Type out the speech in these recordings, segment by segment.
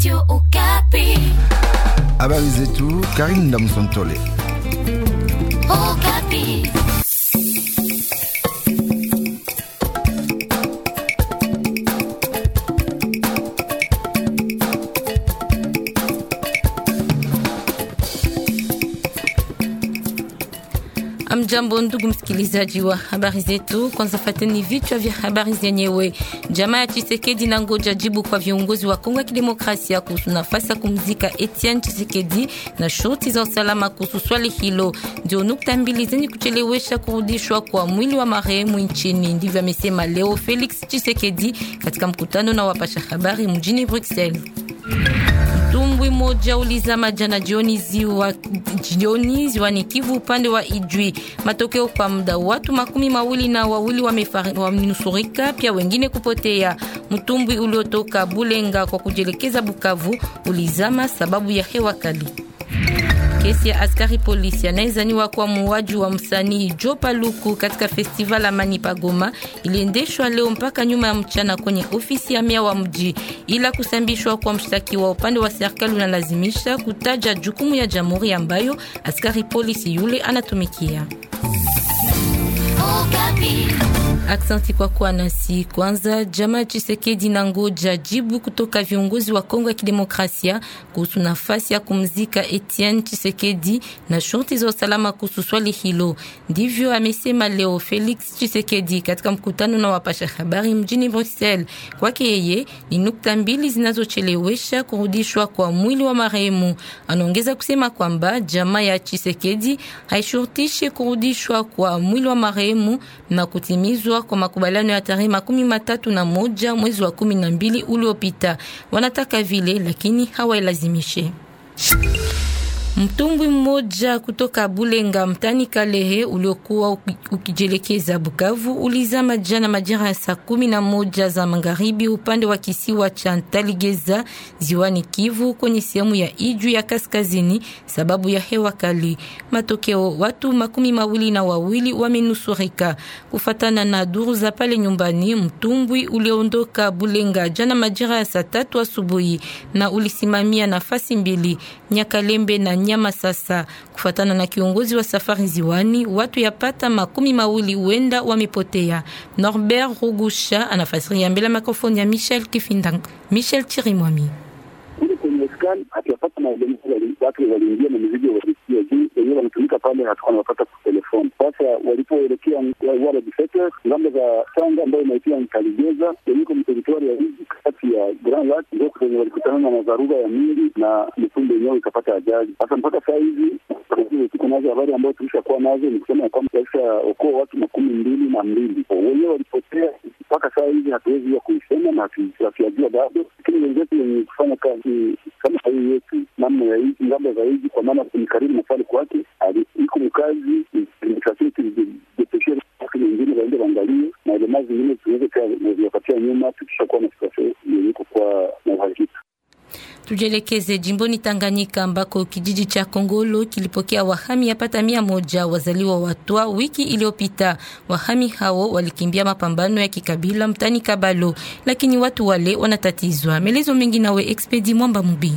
Radio Okapi. Karine Karine Tolé. O Okapi. Amjambo ndugu msikilizaji wa habari zetu, kwanza fateni vichwa vya habari zenyewe. Jamaa ya Chisekedi na ngoja jibu kwa viongozi wa Kongo ya Kidemokrasia kuhusu nafasi ya kumzika Etienne Chisekedi na shoti za usalama kuhusu swali hilo, ndio nukta mbili zenye kuchelewesha kurudishwa kwa mwili wa marehemu nchini. Ndivyo amesema leo Felix Chisekedi katika mkutano na wapasha habari mjini Bruxelles tawi moja ulizama jana jioni ziwa jioni ni Kivu upande wa Ijwi. Matokeo kwa muda watu makumi mawili na wawili wamenusurika wa pia wengine kupotea. Mtumbwi uliotoka Bulenga kwa kujielekeza Bukavu ulizama sababu ya hewa kali. Kesi ya askari polisi anayezaniwa kuwa muuaji wa msanii Jo Paluku katika festival Amani Pagoma iliendeshwa leo mpaka nyuma ya mchana kwenye ofisi ya mia wa mji, ila kusambishwa kwa mshtakiwa upande wa serikali unalazimisha kutaja jukumu ya jamhuri ambayo askari polisi yule anatumikia. Aksanti kwa kuwa nasi. Kwanza, Jama Chisekedi na ngoja jibu kutoka viongozi wa Kongo ya Kidemokrasia kuhusu nafasi ya kumzika Etienne Chisekedi na shurti za usalama kuhusu swali hilo. Ndivyo amesema leo Felix Chisekedi katika mkutano na wapasha habari mjini Bruxelles. Kwake yeye ni nukta mbili zinazochelewesha kurudishwa kwa mwili wa marehemu. Anaongeza kusema kwamba jamaa ya Chisekedi haishurtishi kurudishwa kwa mwili wa marehemu na kutimizwa kufikiwa kwa makubaliano ya tarehe makumi matatu na moja mwezi wa kumi na mbili uliopita. Wanataka vile lakini hawailazimishe. Mtumbwi mmoja kutoka Bulenga mtani Kalehe uliokuwa ukijelekeza Bukavu ulizama jana majira ya saa kumi na moja za magharibi upande wa kisiwa cha Ntaligeza ziwani Kivu kwenye sehemu ya Iju ya kaskazini sababu ya hewa kali. Matokeo, watu makumi mawili na wawili wamenusurika. Kufatana na duru za pale nyumbani, mtumbwi uliondoka Bulenga jana majira ya saa tatu asubuhi na ulisimamia nafasi mbili Nyakalembe na Nyakalembe wanyama sasa. Kufuatana na kiongozi wa safari ziwani, watu yapata makumi mawili huenda wamepotea. Norbert Rugusha anafasiria mbele ya mikrofoni ya Michel Kifindang. Michel Chirimwami wanapata maelezo, watu waliingia na mizigo walisikia juu wenyewe wanatumika pale, hatukuwa wanapata telefoni. Sasa walipoelekea ngambo za Tanga ambayo inaitia Nkaligeza yenyeko mteritwari ya Lindi kati ya Grand Lac ndio kwenye walikutana na madharura ya mingi na mitumba yenyewe ikapata ajali. Sasa mpaka saa hizi Brazil tuko nazo habari ambayo kuwa nazo ni kusema kwamba kwamba okoa watu makumi mbili na mbili wenyewe walipotea. Mpaka saa hizi hatuwezi ya kuisema na hatuyajua bado, lakini wenzetu wenye kufanya kazi kama hii yetu namna ya hizi ngambo za hizi, kwa maana ni karibu na pale kwake iko mkazi wengine waende waangalie na zingine tunaweza nyuma, tukishakuwa na situasio yenye na uhakika. Tujelekeze jimboni Tanganyika ambako kijiji cha Kongolo kilipokea wahami yapata mia moja wazaliwa watwa wiki iliyopita. Wahami hao walikimbia mapambano ya kikabila mtani Kabalo, lakini watu wale wanatatizwa. Melezo mengi nawe Expedi Mwamba Mubi.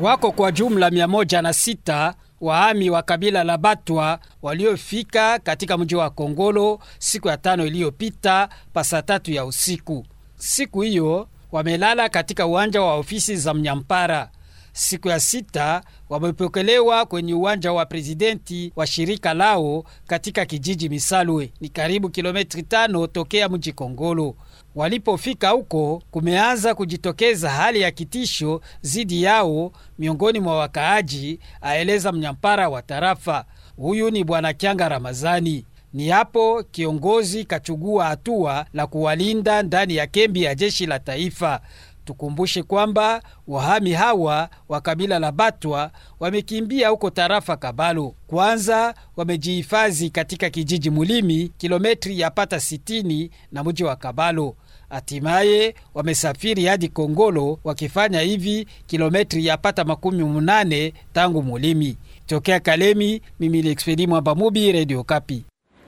Wako kwa jumla mia moja na sita wahami wa kabila la Batwa waliofika katika mji wa Kongolo siku ya tano iliyopita pasa tatu ya usiku. Siku hiyo wamelala katika uwanja wa ofisi za Mnyampara. Siku ya sita wamepokelewa kwenye uwanja wa prezidenti wa shirika lao katika kijiji Misalwe, ni karibu kilometri tano tokea mji Kongolo. Walipofika huko, kumeanza kujitokeza hali ya kitisho zidi yao miongoni mwa wakaaji, aeleza mnyampara wa tarafa. Huyu ni Bwana Kyanga Ramazani. Ni hapo kiongozi kachugua hatua la kuwalinda ndani ya kembi ya jeshi la taifa. Tukumbushe kwamba wahami hawa wa kabila la Batwa wamekimbia huko tarafa Kabalo. Kwanza wamejihifadhi katika kijiji Mulimi, kilometri ya pata 60 na mji wa Kabalo. Hatimaye wamesafiri hadi Kongolo, wakifanya hivi kilometri ya pata makumi munane tangu Mulimi. Tokea Kalemi, mimi Lexpedi Mwamba Mubi, Kapi.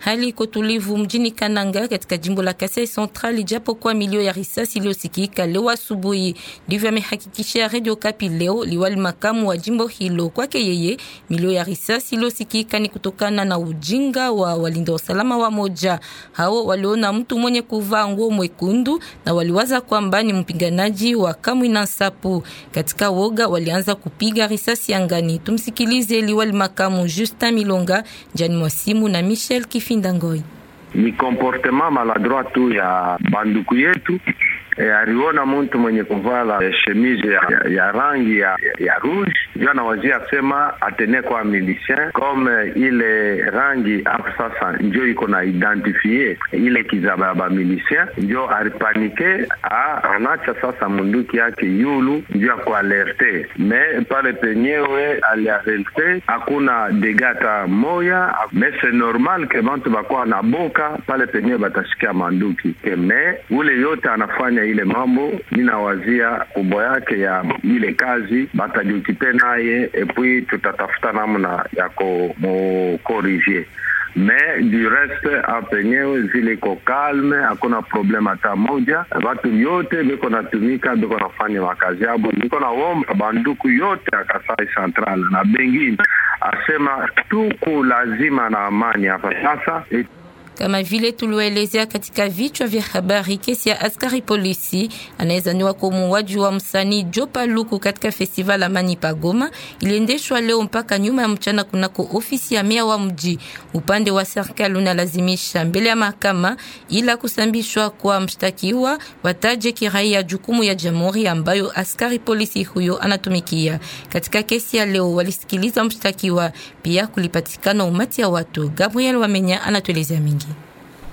Hali iko tulivu mjini Kananga katika jimbo la Kasai Central, ijapokuwa milio ya risasi iliyosikika leo asubuhi. Ndivyo amehakikishia Radio Kapi leo liwali makamu wa jimbo hilo. Kwake yeye, milio ya risasi iliyosikika ni kutokana na ujinga wa walinda usalama wa moja. Hao waliona mtu mwenye kuvaa nguo mwekundu na waliwaza kwamba ni mpiganaji wa Kamwi na Nsapu. Katika woga, walianza kupiga risasi angani. Tumsikilize liwali makamu Justin Milonga, Jani Mwasimu na Michel Kifi findangoi. Mi comportema maladroit ya banducuietu e, aliona mtu mwenye kuvala e, eh, shemize ya, ya rangi ya, ya rouge ndio anawazia sema atene kwa milicien comme eh, ile rangi hapo ah, sasa njo iko na identifie ile ya milicien njo alipanike ah, anacha sasa munduki yake yulu njo akualerte me pale penyewe alialerte hakuna degata moya me se normal ke bantu bakuwa na boka pale penyewe batashikia manduki me ule yote anafanya ile mambo, wazia kubwa yake ya ile kazi batajukipe naye epui, tutatafuta namna ya kumukorije me du reste apenyewe ziliko kalme, hakuna problema hata moja. Watu yote biko natumika biko nafanya makazi yabo. Niko naomba banduku yote ya Kasai Central na bengine asema tuku lazima na amani hapa sasa kama vile tulioelezea katika vichwa vya habari. Kesi ya askari polisi anayezaniwa kwa muuaji wa msanii Jopa Luku katika festival Amani Pagoma iliendeshwa leo mpaka nyuma ya mchana kunako ofisi ya mea wa mji. Upande wa serikali unalazimisha mbele ya mahakama ila kusambishwa kwa mshtakiwa wataje kiraia jukumu ya jamhuri ambayo askari polisi huyo anatumikia. Katika kesi ya leo walisikiliza mshtakiwa, pia kulipatikana umati ya watu. Gabriel Wamenya anatuelezea mingi.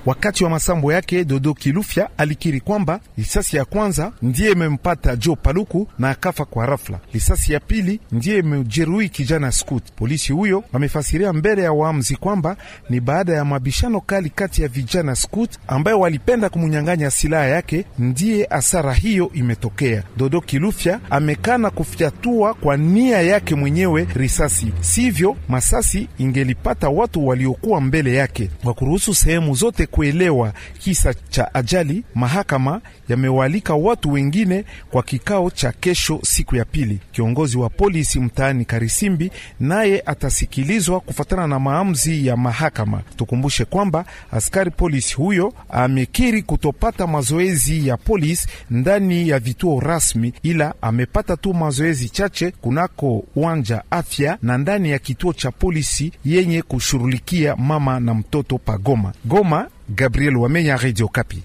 Wakati wa masambo yake, Dodo Kilufya alikiri kwamba lisasi ya kwanza ndiye imempata jo Paluku na akafa kwa rafla. lisasi ya pili ndiye imejeruhi kijana Scoot. Polisi huyo amefasiria mbele ya waamzi kwamba ni baada ya mabishano kali kati ya vijana Scoot ambayo walipenda kumunyang'anya silaha yake, ndiye hasara hiyo imetokea. Dodo Kilufya amekana kufyatua kwa nia yake mwenyewe risasi, sivyo masasi ingelipata watu waliokuwa mbele yake. Kwa kuruhusu sehemu zote kuelewa kisa cha ajali, mahakama yamewaalika watu wengine kwa kikao cha kesho, siku ya pili. Kiongozi wa polisi mtaani Karisimbi naye atasikilizwa kufuatana na maamuzi ya mahakama. Tukumbushe kwamba askari polisi huyo amekiri kutopata mazoezi ya polisi ndani ya vituo rasmi, ila amepata tu mazoezi chache kunako uwanja afya na ndani ya kituo cha polisi yenye kushughulikia mama na mtoto pa Goma. Goma Gabriel Wamenya, Radio Kapi.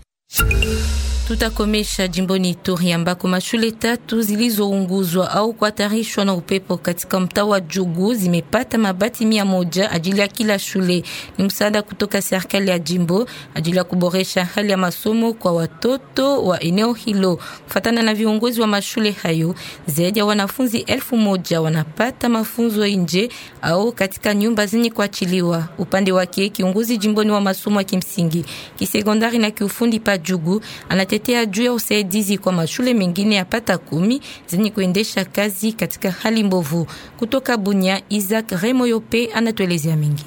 Tutakomesha jimboni Ituri ambako mashule tatu zilizounguzwa au kuhatarishwa na upepo katika mtaa wa Jugu zimepata mabati mia moja ajili ya kila shule. Ni msaada kutoka serikali ya jimbo ajili ya kuboresha hali ya masomo kwa watoto wa eneo hilo. Kufatana na viongozi wa mashule hayo, zaidi ya wanafunzi elfu moja wanapata mafunzo nje au katika nyumba zenye kuachiliwa. Upande wake kiongozi jimboni wa masomo ya kimsingi, kisekondari na kiufundi pa Jugu ana alitetea juu ya usaidizi kwa mashule mengine ya pata kumi zenye kuendesha kazi katika hali mbovu. Kutoka Bunya, Isaac Remoyope anatuelezea mengi.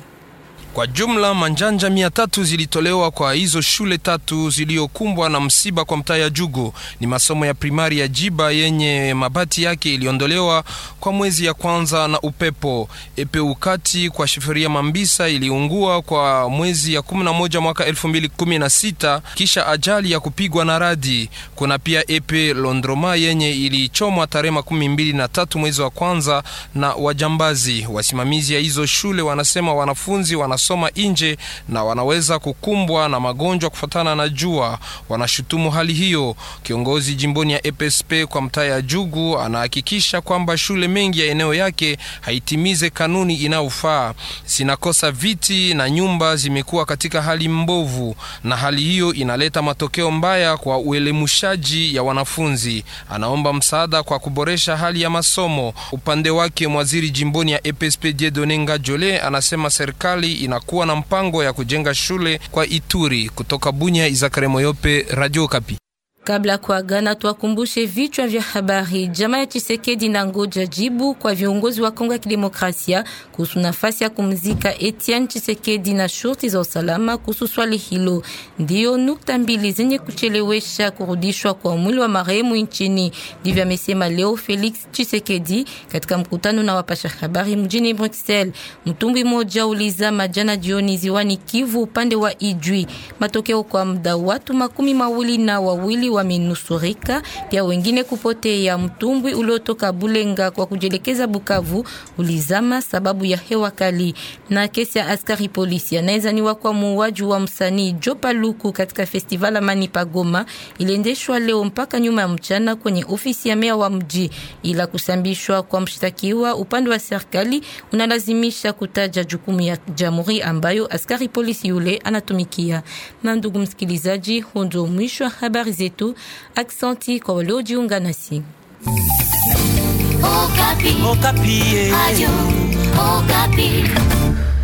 Kwa jumla manjanja mia tatu zilitolewa kwa hizo shule tatu ziliyokumbwa na msiba kwa mtaa ya Jugu. Ni masomo ya primari ya Jiba yenye mabati yake iliondolewa kwa mwezi ya kwanza na upepo epe ukati kwa shifuria Mambisa iliungua kwa mwezi ya 11 mwaka 2016 kisha ajali ya kupigwa na radi. Kuna pia epe Londroma yenye ilichomwa tarehe 12 mwezi wa kwanza na wajambazi. Wasimamizi ya hizo shule wanasema wanafunzi wana kusoma nje na wanaweza kukumbwa na magonjwa kufuatana na jua. Wanashutumu hali hiyo. Kiongozi jimboni ya EPSP kwa mtaa ya Jugu anahakikisha kwamba shule mengi ya eneo yake haitimize kanuni inayofaa. Zinakosa viti na nyumba zimekuwa katika hali mbovu, na hali hiyo inaleta matokeo mbaya kwa uelemushaji ya wanafunzi. Anaomba msaada kwa kuboresha hali ya masomo. Upande wake mwaziri jimboni ya EPSP Dieudonne Jole anasema serikali ina kunakuwa na mpango ya kujenga shule kwa Ituri. Kutoka Bunya, Izakare Moyope, Radio Kapi. Kabla ya kuagana, tuwakumbushe vichwa vya habari. Jamaa ya Chisekedi na ngoja jibu kwa viongozi wa Kongo ya Kidemokrasia kuhusu nafasi ya kumzika Etienne Chisekedi na shurti za usalama kuhusu swali hilo. Ndiyo nukta mbili zenye kuchelewesha kurudishwa kwa mwili wa marehemu nchini, ndivyo amesema leo Felix Chisekedi katika mkutano na wapasha habari mjini Bruxelles. Mtumbwi moja ulizama jana jioni ziwani Kivu upande wa Ijwi. Matokeo kwa muda watu makumi mawili na wawili wamenusurika, pia wengine kupotea. Mtumbwi uliotoka Bulenga kwa kujelekeza Bukavu ulizama sababu ya hewa kali. Na kesi ya askari polisi anaezaniwa kwa muuaji wa msanii Jopa Luku katika festival Amani Pagoma iliendeshwa leo mpaka nyuma ya mchana kwenye ofisi ya meya wa mji, ila kusambishwa kwa mshtakiwa upande wa serikali unalazimisha kutaja jukumu ya jamhuri ambayo askari polisi yule anatumikia. Na ndugu msikilizaji, hundo mwisho wa habari zetu. tatu aksanti kwa waliojiunga nasi. Okapi. Okapi, yeah. Ayu, Okapi.